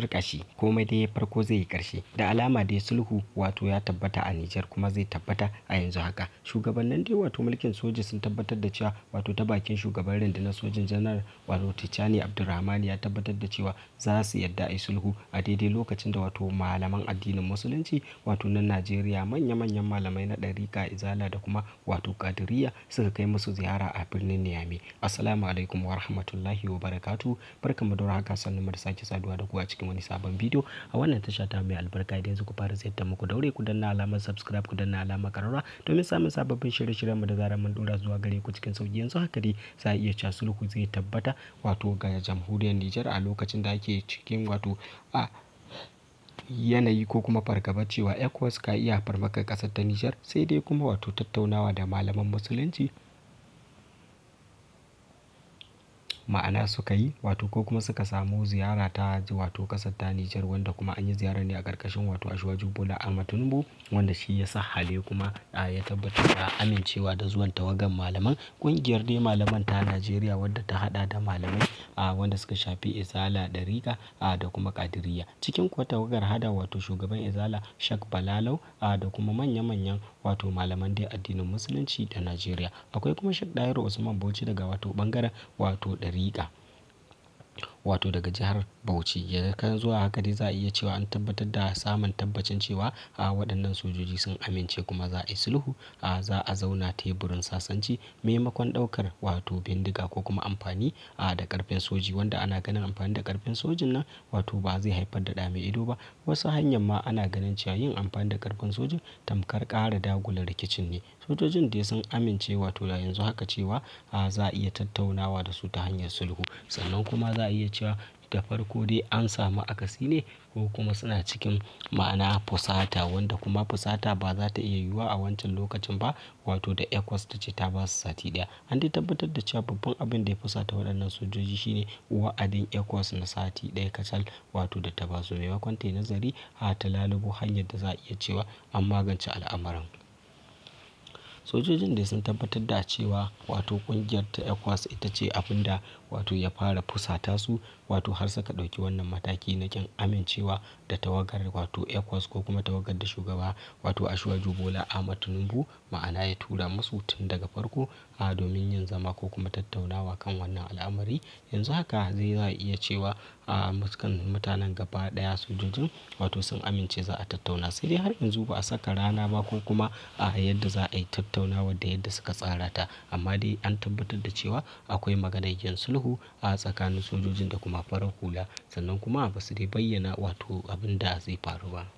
turkashi komai dai farko zai yi ƙarshe da alama dai sulhu wato ya tabbata a Nijar kuma zai tabbata a yanzu haka shugabannin dai wato mulkin soji sun tabbatar da cewa wato ta bakin shugaban rundunar sojin janar wato Tijjani Abdulrahman ya tabbatar da cewa za su yadda a yi sulhu a daidai lokacin da wato malaman addinin musulunci wato na Najeriya manya-manyan malamai na ɗarika izala da kuma wato kadiriya suka kai musu ziyara a birnin Niyami assalamu alaikum wa rahmatullahi wa barakatu barkamu da haka sannu mu da sake saduwa da ku a cikin wani sabon bidiyo a wannan tasha ta mai albarka idan yanzu ku fara sayar da muku daure ku danna alamar subscribe ku danna alamar karara domin samun sababbin shirye-shiryen mu da zarar mun dora zuwa gare ku cikin sauki yanzu haka dai za a iya cewa sulhu zai tabbata wato ga jamhuriyar Nijar a lokacin da ake cikin wato a yanayi ko kuma fargabar cewa ECOWAS ka iya farmaka ƙasar ta Nijar sai dai kuma wato tattaunawa da malaman musulunci ma'ana suka yi wato ko kuma suka samu ziyara ta wato kasar ta Nijar wanda kuma an yi ziyara ne a karkashin wato ashwaju Bola Ahmed Tinubu wanda shi ya sa hale kuma ya tabbatar da amincewa da zuwan tawagan malaman kungiyar dai malaman ta Najeriya wadda ta hada da malamai wanda suka shafi Izala a da kuma kadiriya Cikin kuwa tawagar hada wato shugaban Izala shak Balalau da kuma manya-manyan wato malaman dai addinin Musulunci da Najeriya. Akwai kuma shak Dahiru Usman Bauchi daga wato bangaren wato ɗariƙa. 医感。wato daga jihar Bauchi. ya Daga zuwa haka dai za a iya cewa an tabbatar da samun tabbacin cewa a waɗannan sojoji sun amince kuma za a yi sulhu, a za a zauna teburin sasanci maimakon ɗaukar wato bindiga ko kuma amfani a da ƙarfin soji wanda ana ganin amfani da ƙarfin sojin nan wato ba zai haifar da dame ido ba. Wasu hanyar ma ana ganin cewa yin amfani da ƙarfin sojin tamkar ƙara dagula rikicin ne. Sojojin dai sun amince wato da yanzu haka cewa a za a iya tattaunawa da su ta hanyar sulhu sannan kuma za a iya cewa da farko dai an samu akasi ne ko kuma suna cikin ma'ana fusata wanda kuma fusata ba za ta iya yiwuwa a wancan lokacin ba wato da ecos ta ce ta ba su sati ɗaya. An dai tabbatar da cewa babban abin da ya fusata waɗannan sojoji shine wa'adin ekwas na sati ɗaya kacal wato da ta ba su maimakon ta yi nazari har ta lalubo hanyar da za a iya cewa an magance al'amuran. Sojojin dai sun tabbatar da cewa wato ƙungiyar ta ECOWAS ita ce abinda da wato ya fara fusata su wato har suka dauki wannan mataki na kin amincewa da tawagar wato ECOWAS ko kuma tawagar da shugaba wato ashuwa Bola Ahmad Tinubu ma'ana ya tura musu tun daga farko a domin yin zama ko kuma tattaunawa kan wannan al'amari. Yanzu haka zai za iya cewa a muskan mutanen gaba daya sojojin wato sun amince za a tattauna sai dai har yanzu ba a saka rana ba ko kuma a yadda za a yi tattauna tattaunawar da yadda suka tsara ta. Amma dai an tabbatar da cewa akwai maganar yin sulhu a tsakanin sojojin da kuma farar hula. Sannan kuma ba su dai bayyana wato abin da zai faru ba.